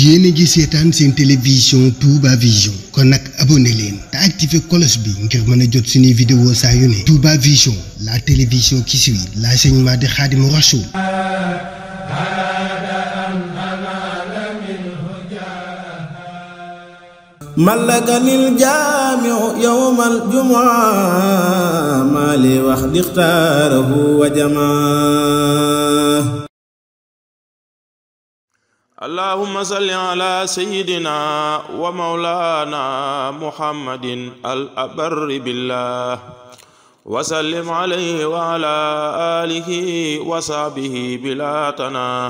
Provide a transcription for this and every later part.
yéen a ngi seetaan seen télévision Touba Vision kon nag abonné leen te activé cloche bi ngir mën a jot suñuy vidéo saa yu ne Touba Vision la télévision qui suit l'enseignement de Khadimou Rassoul malakanil maa li wax dixtaarahu wa jamaa allahumma salli ala sayyidina wa mawlana muhammadin al abarri billah wa sallim alayhi wa ala alihi wa sahbihi bila tana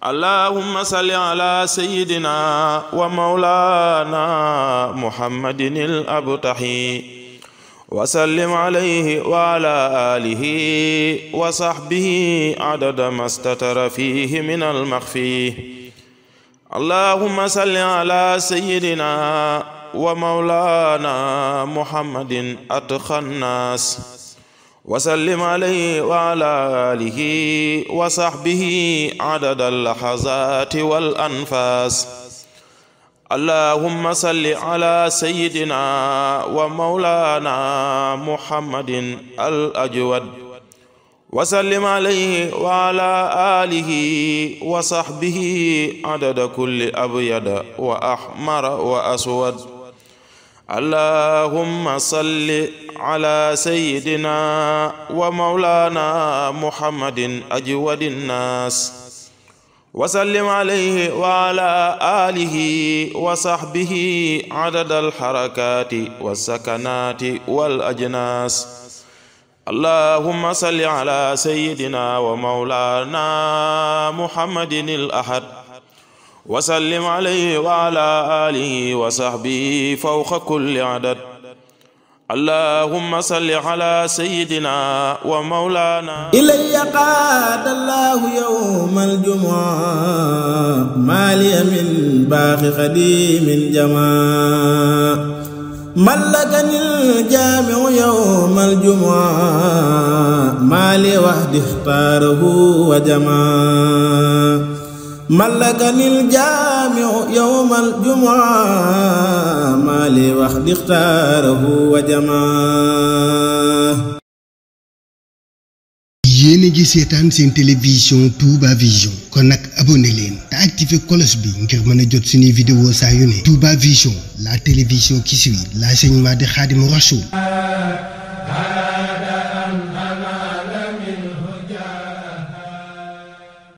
allahumma salli ala sayyidina wa mawlana muhammadin al abtahi وسلم عليه وعلى آله وصحبه عدد ما استتر فيه من المخفي اللهم صل على سيدنا ومولانا محمد أتقى الناس وسلم عليه وعلى آله وصحبه عدد اللحظات والأنفاس اللهم صل على سيدنا ومولانا محمد الأجود وسلم عليه وعلى آله وصحبه عدد كل أبيض وأحمر وأسود اللهم صل على سيدنا ومولانا محمد أجود الناس wasallim alayhi wa ala alihi wa sahbihi adada alxarakati walsakanati wal ajnas allahuma salli ala sayidina wa maulana muhammadin al ahad wasallim alayhi wa ala alihi wa sahbihi fawqa kulli adad اللهم صل على سيدنا ومولانا إلي قاد الله يوم الجمعة ما لي من باخ قديم جماع ملكني الجامع يوم الجمعة ما لي وحدي اختاره وجماع ملكني الجامع jaamiu yowmal jumaa maa li wax dixtaarahu wa seetaan seen télévision Touba Vision kon nag abonné leen te activé cloche bi ngir mën a jot suñuy vidéo saa yu ne Touba Vision la télévision qui suit l'enseignement de Khadimou Rassoul